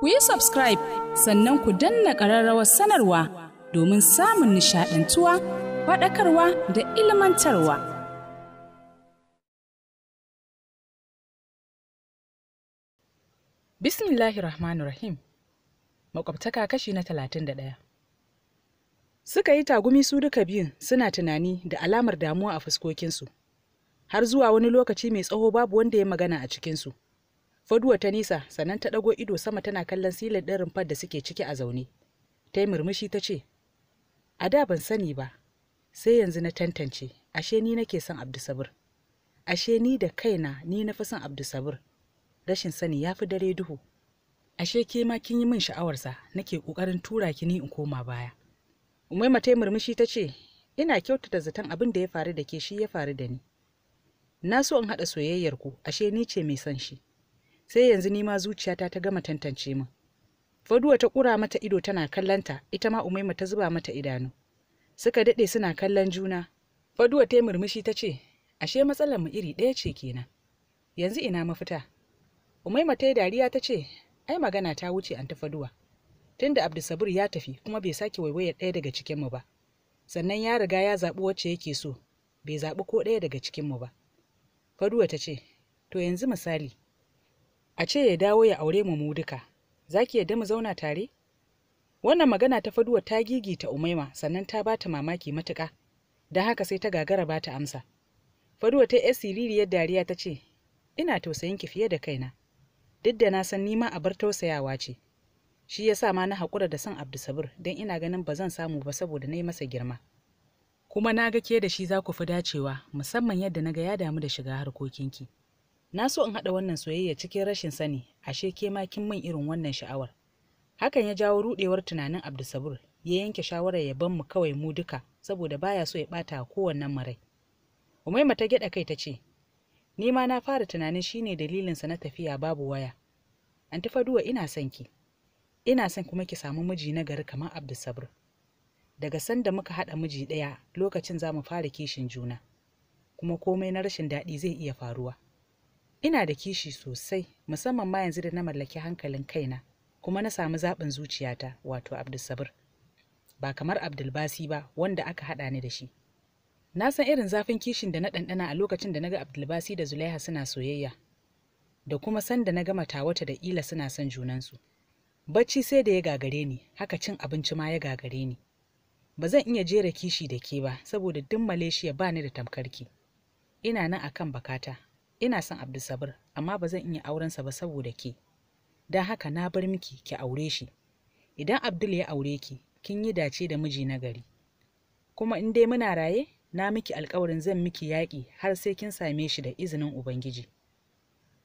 ku yi subscribe sannan ku danna ƙararrawar sanarwa domin samun nishaɗantuwa faɗakarwa da ilmantarwa. Bismillahir Rahmanir Rahim Makwabtaka kashi na talatin da ɗaya. Suka yi tagumi su duka biyun suna tunani da alamar damuwa a fuskokinsu, har zuwa wani lokaci mai tsawo babu wanda ya magana a cikinsu. faduwa ta nisa sannan ta ɗago ido sama tana kallon silin ɗin rumfar da suke ciki a zaune ta yi murmushi ta ce a da ban sani ba sai yanzu na tantance ashe ni nake son abdusabir ashe ni da kaina ni na fi son abdusabir rashin sani ya fi dare duhu ashe ke ma kin yi min sha'awarsa nake ƙoƙarin tura ki ni in koma baya umaima ta yi murmushi ta ce ina kyautata zaton abin da ya faru da ke shi ya faru da ni na so in haɗa soyayyar ku ashe ni ce mai son shi sai yanzu nima zuciyata ta gama tantance min faduwa ta kura mata ido tana kallanta ita ma umaima ta zuba mata idanu suka daɗe suna kallon juna faduwa ta murmushi ta ce ashe matsalar mu iri ɗaya ce kenan yanzu ina mafita umaima ta yi dariya ta ce ai magana ta wuce an ta faduwa tunda abdusabur ya tafi kuma bai sake waiwayar ɗaya daga cikinmu ba sannan ya riga ya zaɓi wacce yake so bai zaɓi ko ɗaya daga cikinmu ba faduwa ta ce to yanzu misali a ce ya dawo ya aure mu mu duka za ki yadda mu zauna tare wannan magana ta faduwa ta gigita umaima sannan ta bata mamaki matuka. don haka sai ta gagara ba ta amsa faduwa ta yar siririyar dariya ta ce ina tausayin ki fiye da kaina duk da na san nima bar tausayawa ce shi ya sa ma na haƙura da san abdusabir don ina ganin ba zan samu ba saboda na yi masa girma kuma na ga ke da shi za ku fi dacewa musamman yadda na ga ya damu da shiga harkokinki na so in haɗa wannan soyayya cikin rashin sani ashe ke ma kin min irin wannan sha'awar hakan ya jawo rudewar tunanin abdusabur ya yanke shawarar ya ban mu kawai mu duka saboda baya so ya ɓata kowanne marai umaima ta gyaɗa kai ta ce ni ma na fara tunanin shine dalilinsa na tafiya babu waya anti duwa ina son ki ina son kuma ki samu miji na gari kamar abdusabur daga sanda muka haɗa miji ɗaya lokacin za mu fara kishin juna kuma komai na rashin daɗi zai iya faruwa ina da kishi sosai musamman ma yanzu da na mallaki hankalin kaina kuma na samu zaɓin zuciyata wato abdulsabir ba kamar abdulbasi ba wanda aka haɗa ni da shi na san irin zafin kishin da na ɗanɗana a lokacin da na ga abdulbasi da zulaiha suna soyayya da kuma san da na gama tawata da ila suna son junansu bacci sai da ya gagare ni haka cin abinci ma ya gagare ni ba zan iya jera kishi da ke ba saboda duk malaysia ba ni da tamkarki ina nan akan bakata ina son Abdulsabir amma ba zan iya aurensa ba saboda ke don haka na bar miki ki aure shi idan Abdul ya aure ki kin yi dace da miji na gari kuma in dai muna raye na miki alkawarin zan miki yaƙi har sai kin same shi da izinin Ubangiji.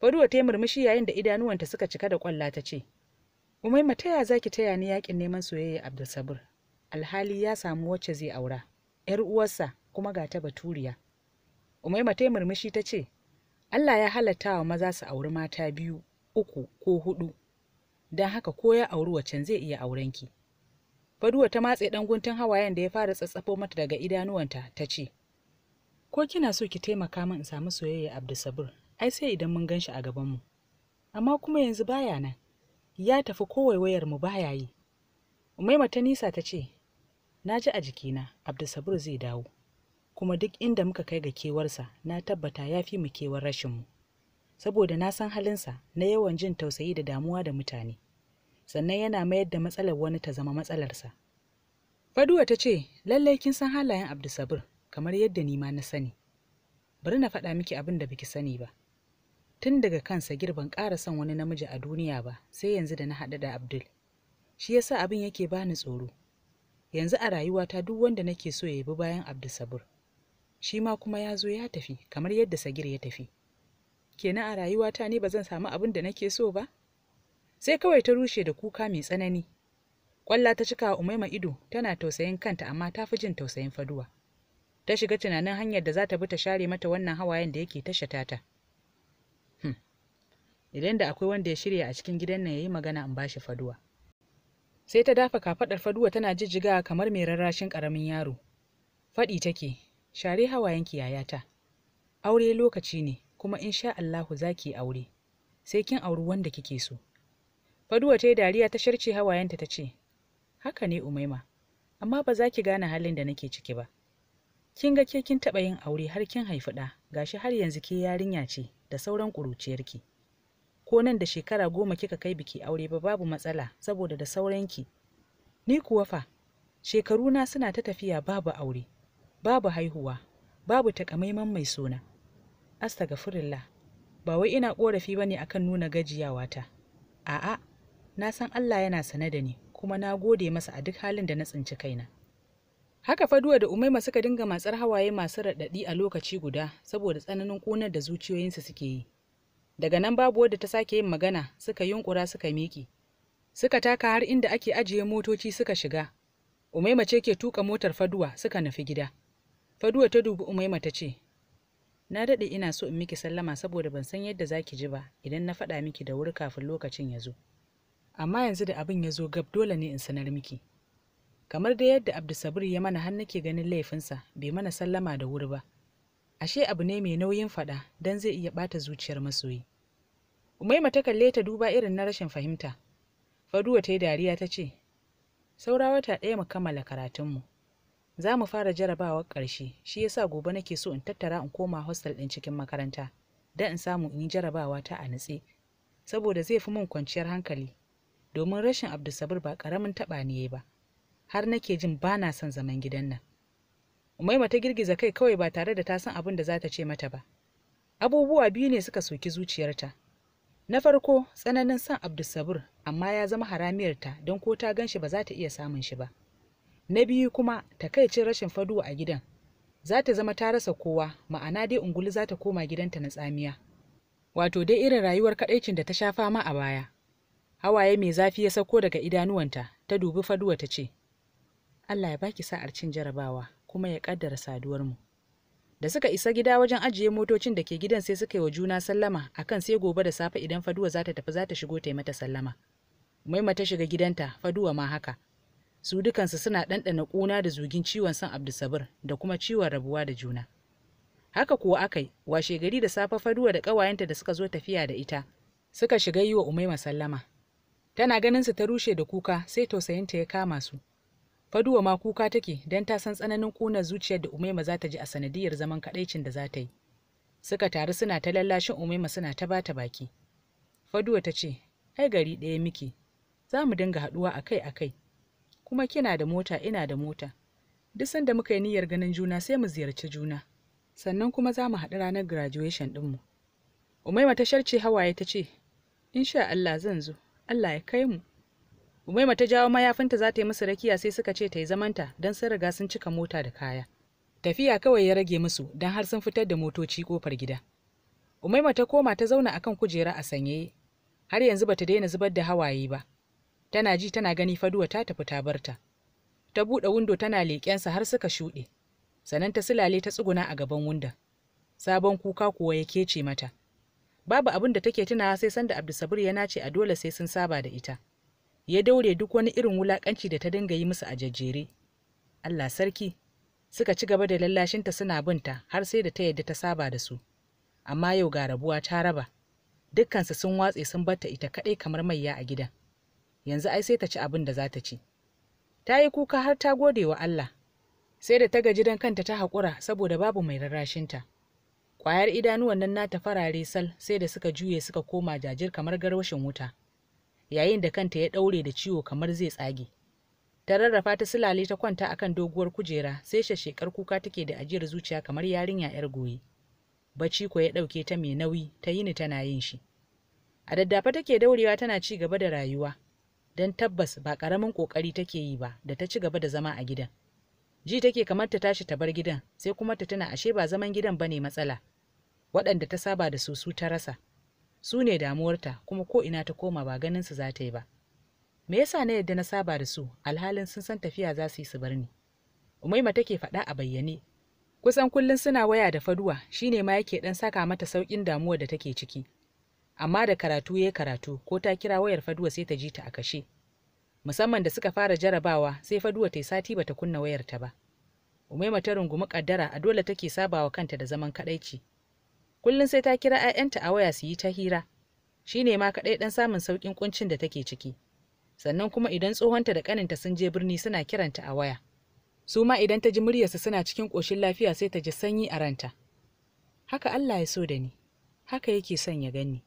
Faduwa ta yi murmushi yayin da idanuwanta suka cika da ƙwalla ta ce, Umaima ta ya za ki taya ni yaƙin neman soyayya Abdulsabir? Alhali ya samu wacce zai aura, ‘yar uwarsa kuma ga ta baturiya. Umaima ta yi murmushi ta ce, Allah ya halatta wa maza su auri mata biyu, uku ko hudu, don haka ko ya auri wacan zai iya aurenki. Faduwa ta matse ɗan guntun hawayen da ya fara tsatsafo mata daga idanuwanta ta ce, Ko kina so ki taimaka min in samu soyayya Sabur, ai sai idan mun gan shi a gabanmu. Amma kuma yanzu baya nan, ya tafi ko mu baya yi. Umaima ta nisa ta ce, Na ji a jikina, Sabur zai dawo. kuma duk inda muka kai ga kewarsa na tabbata ya fi mu kewar rashinmu saboda na san halinsa na yawan jin tausayi da damuwa da mutane sannan yana mayar da matsalar wani ta zama matsalarsa faduwa ta ce lallai kin san halayen abdusabir kamar yadda ni ma na sani bari na faɗa miki abin da biki sani ba tun daga kansa girban ƙara son wani namiji a duniya ba sai yanzu da na haɗa da abdul shi yasa abin yake bani tsoro yanzu a rayuwata duk wanda nake so ya bi bayan abdusabir shi ma kuma ya zo ya tafi kamar yadda sagir ya tafi kenan a rayuwata ne ba zan samu abin da nake so ba sai kawai ta rushe da kuka mai tsanani kwalla ta cika umaima ido tana tausayin kanta amma ta fi jin tausayin faduwa ta shiga tunanin hanyar da za ta bi ta share mata wannan hawayen da yake tasha tata hmm. idan da akwai wanda ya shirya a cikin gidan nan yayi magana in bashi faduwa sai ta dafa kafaɗar faduwa tana jijjiga kamar mai rarrashin karamin yaro faɗi take share hawayenki yayata aure lokaci ne kuma insha Allahu zaki ki aure sai kin auri wanda kike so faduwa ta dariya ta sharce hawayenta ta ce haka ne umaima amma ba za ki gane halin da nake ciki ba kin ga ke kin taɓa yin aure har kin haifi ɗa gashi har yanzu ke yarinya ce da sauran ƙuruciyarki ko nan da shekara goma kika kai biki aure ba babu matsala saboda da sauran ki. ni kuwa fa shekaruna suna ta tafiya babu aure babu haihuwa babu takamaiman mai suna astaghfirullah ba wai ina korafi ne akan nuna gajiyawata a'a na san Allah yana sane da ni kuma na gode masa a duk halin da na tsinci kaina haka faduwa da umaima suka dinga matsar hawaye masu raɗaɗi a lokaci guda saboda tsananin kunar da zuciyoyinsu suke yi daga nan babu wadda ta sake yin magana suka yunkura suka miki. suka taka har inda ake ajiye motoci suka shiga umaima ce ke tuka motar faduwa suka nufi gida faduwa ta dubi umaima ta ce na daɗe ina so in miki sallama saboda ban san yadda za ki ji ba idan na faɗa miki da wuri kafin lokacin ya zo amma yanzu da abin ya zo gab dole ne in sanar miki kamar dai yadda Sabiru ya mana hannu ke ganin laifinsa bai mana sallama da wuri ba ashe abu ne mai nauyin faɗa don zai iya ɓata zuciyar masoyi umaima ta kalle ta duba irin na rashin fahimta faduwa ta yi dariya ta ce saura wata ɗaya mu kammala karatunmu za mu fara jarabawar ƙarshe shi yasa gobe nake so in tattara in koma hostel ɗin cikin makaranta don in samu in yi jarabawa ta a nutse saboda zai fi min kwanciyar hankali domin rashin abdulsabir ba ƙaramin taɓa ne ba har nake jin ba na son zaman gidan nan umaima ta girgiza kai kawai ba tare da ta san abin da za ta ce mata ba abubuwa biyu ne suka soki zuciyarta na farko tsananin son abdulsabir amma ya zama haramiyarta don ko ta gan shi ba za ta iya samun shi ba na biyu kuma takaicin rashin faduwa a gidan za ta zama ta rasa kowa ma'ana dai ungulu za ta koma gidanta na tsamiya wato dai irin rayuwar kadaicin da ta sha fama a baya hawaye mai zafi ya sauko daga idanuwanta ta dubi faduwa ta ce allah ya baki sa'ar cin jarabawa kuma ya kaddara saduwarmu da suka isa gida wajen ajiye motocin da ke gidan sai suka yi wa juna sallama akan sai gobe da safe idan faduwa za ta tafi za ta shigo ta yi mata sallama Maimata ta shiga gidanta faduwa ma haka su dukansu suna ɗanɗana ƙuna da zugin ciwon san abdusabir da kuma ciwon rabuwa da juna haka kuwa aka yi washe gari da safa faduwa da ƙawayenta da suka zo tafiya da ita suka shiga yi wa umaima sallama tana ganin su ta rushe da kuka sai tausayinta ya kama su faduwa ma kuka take don ta san tsananin ƙunar zuciyar da umaima za ta ji a sanadiyar zaman kaɗaicin da za ta yi suka taru suna ta lallashin umaima suna ta bata baki faduwa ta ce ai gari ɗaya miki za mu dinga haɗuwa akai-akai kuma kina da mota ina da mota duk sanda muka yi niyyar ganin juna sai mu ziyarci juna sannan kuma za mu haɗu ranar graduation ɗinmu umaima ta sharce hawaye ta ce In sha Allah zan zo Allah ya kai mu umaima ta jawo mayafinta za ta yi musu rakiya sai suka ce ta yi zamanta don sun riga sun cika mota da kaya tafiya kawai ya rage musu don har sun fitar da motoci kofar gida umaima ta koma ta zauna akan kujera a sanyaye har yanzu bata daina zubar da hawaye ba tana ji tana gani faduwa ta tafi ta barta ta buɗe windo tana leƙensa har suka shuɗe sannan ta silale ta tsuguna a gaban wunda. sabon kuka kuwa ya kece mata babu abin da take tunawa sai sanda abdusabir ya nace a dole sai sun saba da ita ya daure duk wani irin wulakanci da ta dinga yi musu a jajjere allah sarki suka ci gaba da lallashinta suna binta har sai da ta yadda ta saba da su amma yau ga rabuwa ta raba dukkansu sun watse sun batta ita kaɗai kamar maiya a gidan yanzu ai sai ta ci abin da za ta ci ta yi kuka har ta gode wa Allah sai da ta gaji don kanta ta haƙura saboda babu mai rarrashinta ƙwayar idanuwan nan nata farare sal sai da suka juye suka koma jajir kamar garwashin wuta yayin da kanta ya ɗaure da ciwo kamar zai tsage ta rarrafa ta silale ta kwanta akan doguwar kujera sai shashekar kuka take da ajiyar zuciya kamar yarinya yar goyi bacci ko ya ɗauke ta mai nauyi ta yi ni tana yin shi a daddafa take daurewa tana ci gaba da rayuwa don tabbas ba ƙaramin ƙoƙari take yi ba da ta ci gaba da zama a gidan ji take kamar ta tashi ta bar gidan sai kuma ta tuna ashe ba zaman gidan ba ne matsala waɗanda ta saba da su su ta rasa su ne damuwarta kuma ko ina ta koma ba ganin su za ta yi ba me yasa na yadda na saba da su alhalin sun san tafiya za su yi su bar ni umaima take faɗa a bayyane kusan kullum suna waya da faduwa shine ma yake dan saka mata saukin damuwar da take ciki amma da karatu ya karatu ko ta kira wayar faduwa sai ta ji ta a kashe musamman da suka fara jarabawa sai faduwa ta yi sati bata kunna wayar ta ba umaima ta rungumi kaddara a dole take sabawa kanta da zaman kadaici kullum sai ta kira 'ya'yanta a waya su yi ta hira shine ma kadai dan samun saukin kuncin da take ciki sannan kuma idan tsohonta da kaninta sun je birni suna kiranta a waya su ma idan ta ji muryarsa suna cikin ƙoshin lafiya sai ta ji sanyi a ranta haka Allah ya so da ni haka yake son ya gani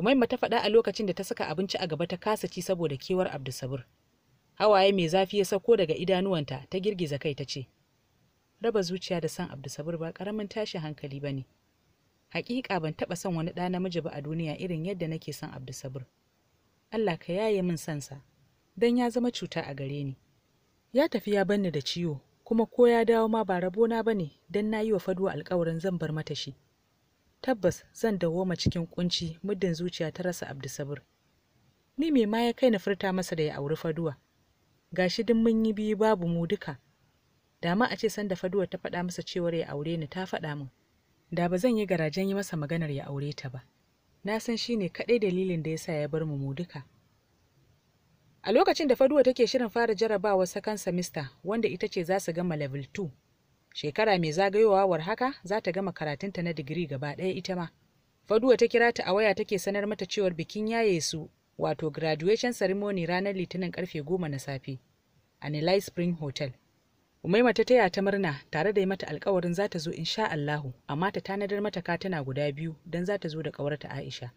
Umaima ta faɗa a lokacin da ta saka abinci a gaba ta kasa ci saboda kewar Abdusabur. Hawaye mai zafi ya sauko daga idanuwanta ta girgiza kai ta ce, Raba zuciya da san Abdusabur ba ƙaramin tashi hankali ba ne. Hakika ban taɓa son wani ɗa namiji ba a duniya irin yadda nake son Abdusabur. Allah ka yaye min sansa, don ya zama cuta a gare ni. Ya tafi ya banni da ciwo, kuma ko ya dawo ma ba rabona ba ne don na yi wa faduwa alkawarin zan bar mata shi. tabbas zan dawoma cikin kunci muddin zuciya ta rasa abdusabir ni me ma ya kai na furta masa da ya auri faduwa gashi duk mun yi biyu babu mu duka da ma a ce sanda faduwa ta faɗa masa cewar ya aure ni ta faɗa min da ba zan yi garajen yi masa maganar ya aure ta ba na san shi ne kaɗai dalilin da ya sa ya bar mu mu duka a lokacin da faduwa take shirin fara jarabawa sakan semester wanda ita ce za su gama level 2 shekara mai zagayowa war haka za ta gama karatunta na digiri gaba ɗaya ita ma faduwa ta kira ta a waya take sanar mata cewar bikin yaye su wato graduation ceremony ranar litinin karfe goma na safe a nilai spring hotel umaima ta taya ta murna tare da yi mata alkawarin za ta zo insha allahu amma ta tanadar mata katuna guda biyu don za ta zo da ƙawarta aisha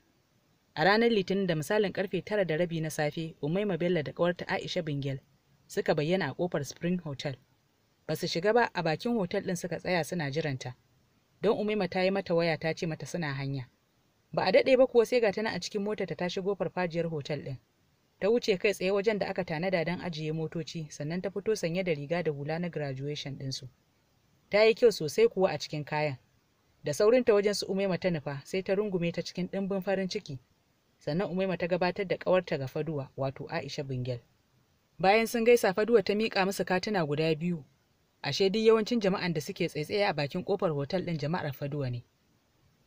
a ranar litinin da misalin karfe tara da rabi na safe umaima bello da ƙawarta aisha bingel suka bayyana a kofar spring hotel ba su shiga ba a bakin hotel ɗin suka tsaya suna jiranta don umaima ta yi mata waya ta ce mata suna hanya ba a daɗe ba kuwa sai ga tana a cikin mota ta shigo farfajiyar hotel ɗin ta wuce kai tsaye wajen da aka tanada don ajiye motoci sannan ta fito sanye da riga da hula na graduation ɗinsu ta yi kyau sosai kuwa a cikin kayan da saurin ta wajen su umaima ta nufa sai ta rungume ta cikin ɗimbin farin ciki sannan umaima ta gabatar da ƙawarta ga faduwa wato aisha bingel bayan sun gaisa faduwa ta miƙa musu katuna guda biyu ashe duk yawancin jama'an da suke tsaitsaye a bakin kofar hotel ɗin jama'ar faduwa ne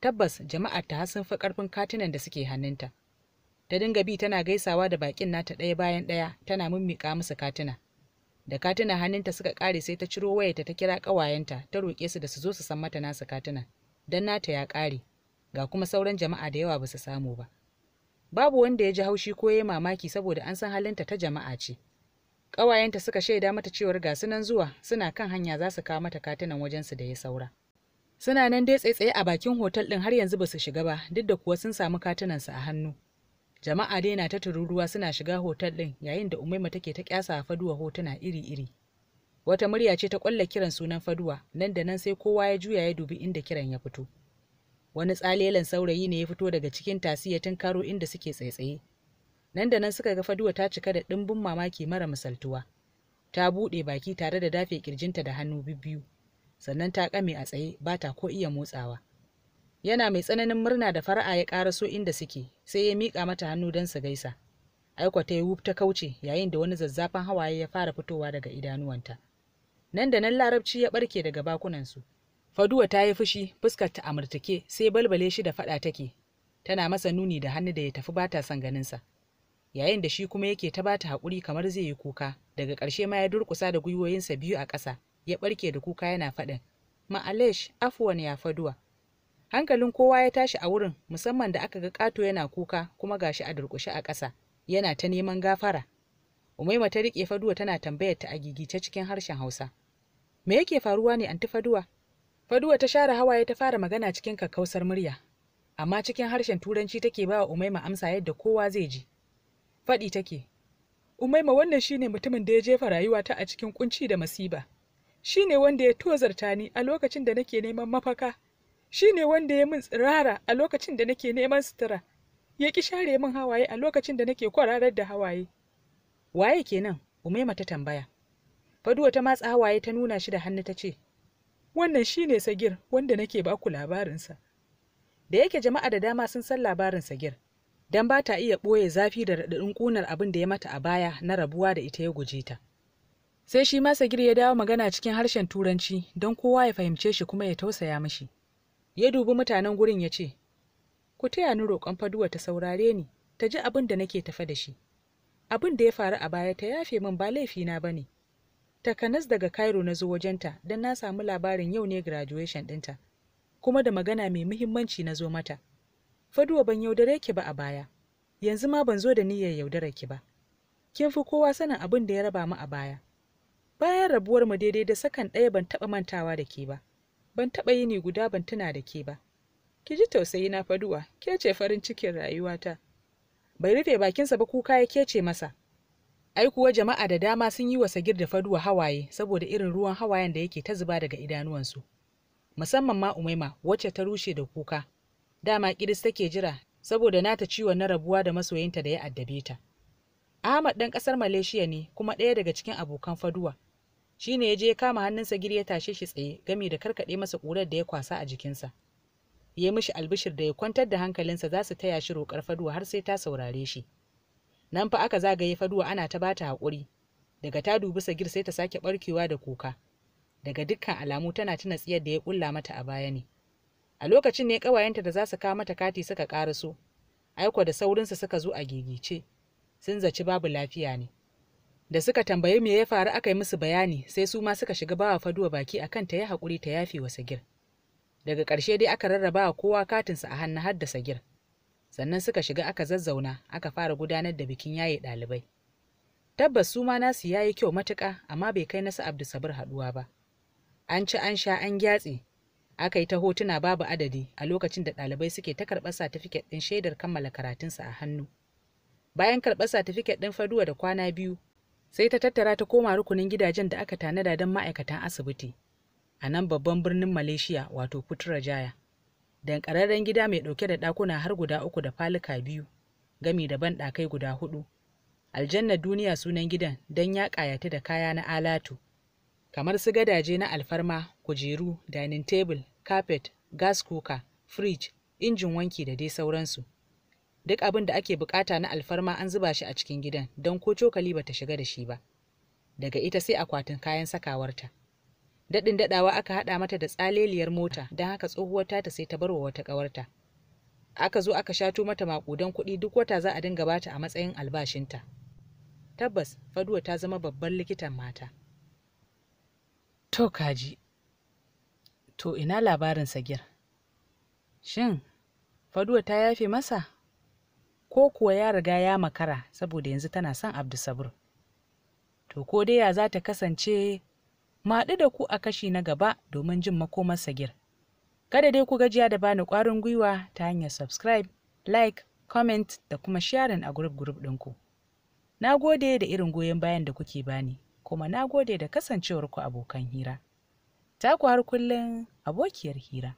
tabbas jama'ar ta sun fi karfin katunan da suke hannunta ta dinga bi tana gaisawa da bakin nata ɗaya bayan ɗaya tana mummika musu katuna da katuna hannunta suka kare sai ta ciro wayarta ta kira ƙawayenta ta roƙe su da su zo su san mata nasu katuna dan nata ya ƙare ga kuma sauran jama'a da yawa ba su samu ba babu wanda ya ji haushi ko ya mamaki saboda an san halinta ta jama'a ce ƙawayenta suka shaida mata cewar ga sunan zuwa suna kan hanya za su kawo mata katunan wajensu da ya saura suna nan dai tsaitsaye a bakin hotel ɗin har yanzu ba su shiga ba duk da kuwa sun samu katunan su a hannu jama'a dai na ta tururuwa suna shiga hotel ɗin yayin da umaima take ta kyasa a faduwa hotuna iri-iri wata murya ce ta kwalla kiran sunan faduwa nan da nan sai kowa ya juya ya dubi inda kiran ya fito wani tsalelen saurayi ne ya fito daga cikin tasi ya karo inda suke tsaitsaye nan da nan suka ga faduwa ta cika da ɗimbin mamaki mara misaltuwa ta buɗe baki tare da dafe kirjinta da hannu bibbiyu sannan ta ƙame a tsaye ba ta ko iya motsawa yana mai tsananin murna da fara'a ya ƙara so inda suke sai ya miƙa mata hannu don su gaisa aiko ta yi wuf ta kauce yayin da wani zazzafan hawaye ya fara fitowa daga idanuwanta nan da nan larabci ya ɓarke daga bakunansu faduwa ta yi fushi fuskar ta amurtake sai balbale shi da faɗa take tana masa nuni da hannu da ya tafi ba ta son ganinsa yayin da shi kuma yake ta bata haƙuri kamar zai yi kuka daga ƙarshe ma ya durƙusa da gwiwoyinsa biyu a ƙasa ya ɓarke da kuka yana faɗin ma'alesh afuwan ya faduwa hankalin kowa ya tashi a wurin musamman da aka ga ƙato yana kuka kuma gashi a durƙushe a ƙasa yana ta neman gafara umaima ta riƙe faduwa tana tambayar ta a gigice cikin harshen hausa me yake faruwa ne anti faduwa faduwa ta share hawaye ta fara magana cikin kakkausar murya amma cikin harshen turanci take ba wa umaima amsa yadda kowa zai ji faɗi take umaima wannan shine mutumin da ya jefa rayuwata a cikin kunci da masiba shine wanda ya tozarta ni a lokacin da nake neman mafaka shine wanda ya min tsirara a lokacin da nake neman sutura ya ki share min hawaye a lokacin da nake kwararar da hawaye waye kenan umaima ta tambaya faduwa ta matsa hawaye ta nuna shi da hannu ta ce wannan shine sagir wanda nake baku labarinsa da yake jama'a da dama sun san labarin sagir don ba ta iya ɓoye zafi da raɗaɗin ƙunar abin da ya mata a baya na rabuwa da ita ya guje ta sai shi ma sagir ya dawo magana cikin harshen turanci don kowa ya fahimce shi kuma ya tausaya mashi ya dubi mutanen gurin ya ce ku taya ni roƙon faduwa ta saurare ni ta ji abin da nake tafe da shi abin da ya faru a baya ta yafe min ba laifina ba ne takanas daga cairo na zo wajenta don na samu labarin yau ne graduation ɗinta kuma da magana mai muhimmanci na zo mata faduwa ban yaudare ki ba a baya yanzu ma ban zo da niyyar yaudare ki ba kin fi kowa sanin abin da ya raba mu a baya bayan rabuwar mu daidai da sakan ɗaya ban taɓa mantawa da ke ba ban taɓa yini guda ban tuna da ke ba ki ji tausayi na faduwa ke ce farin cikin rayuwata bai rufe bakinsa ba kuka ya ke ce masa ai kuwa jama'a da dama sun yi wa sagir da faduwa hawaye saboda irin ruwan hawayen da yake ta zuba daga idanuwansu musamman ma umaima wacce ta rushe da kuka dama kiris take jira saboda nata ciwon na rabuwa da masoyinta da ya addabe ta ahmad ɗan ƙasar malaysia ne kuma ɗaya daga cikin abokan faduwa shi ne ya je ya kama hannunsa giri ya tashe shi tsaye gami da karkaɗe masa kurar da ya kwasa a jikinsa ya mishi albishir da ya kwantar da hankalinsa za su taya shi roƙar faduwa har sai ta saurare shi nan fa aka zagaye faduwa ana ta bata hakuri daga ta dubi sagir sai ta sake barkewa da kuka daga dukkan alamu tana tuna tsiyar da ya ƙulla mata a baya ne a lokacin ne ƙawayenta da za su kawo mata kati suka so aiko da saurinsa suka zo a gigice sun zaci babu lafiya ne da suka tambayi me ya faru aka yi musu bayani sai su ma suka shiga bawa faduwa baki akan ta yi haƙuri ta yafe wa sagir daga ƙarshe dai aka rarraba wa kowa katinsa a hannu har da sagir sannan suka shiga aka zazzauna aka fara gudanar da bikin yaye ɗalibai tabbas su ma nasu yayi kyau matuka, amma bai kai nasu abdu sabir haɗuwa ba an ci an sha an gyatse aka yi ta hotuna babu adadi a lokacin da ɗalibai suke ta karɓar satifiket ɗin shaidar kammala karatunsa a hannu bayan karɓar satifiket ɗin faduwa da kwana biyu sai ta tattara ta koma rukunin gidajen da aka tanada don ma'aikatan asibiti a nan babban birnin malaysia wato putrajaya dankararren gida mai ɗauke da ɗakuna har guda uku da faluka biyu gami da banɗakai guda hudu aljannar duniya sunan gidan don ya ƙayata da kaya na alatu kamar su gadaje na alfarma kujeru dining table carpet gas cooker fridge injin wanki da dai sauransu duk abin da ake bukata na alfarma an zuba shi a cikin gidan don ko cokali bata shiga da shi ba daga ita sai akwatin kayan sakawarta daɗin daɗawa aka haɗa mata da tsaleliyar mota don haka tsohuwar ta sai ta barwa wata ƙawarta aka zo aka shato mata maƙudan kuɗi duk wata za a dinga bata a matsayin albashinta tabbas faduwa ta zama babban likitan mata To kaji, to ina labarin Sagir? Shin, Faduwa ta yafe masa? Ko kuwa ya riga ya makara saboda yanzu tana son Sabur? To ko dai ya za ta kasance maɗu da ku a kashi na gaba domin jin makomar Sagir. Kada dai ku gajiya da bani ƙwarin gwiwa ta hanyar subscribe, like, comment da kuma sharing a gurub ɗinku. Na gode da irin goyon bayan da kuke bani. kuma na gode da kasancewarku abokan hira. Taku har kullum abokiyar hira.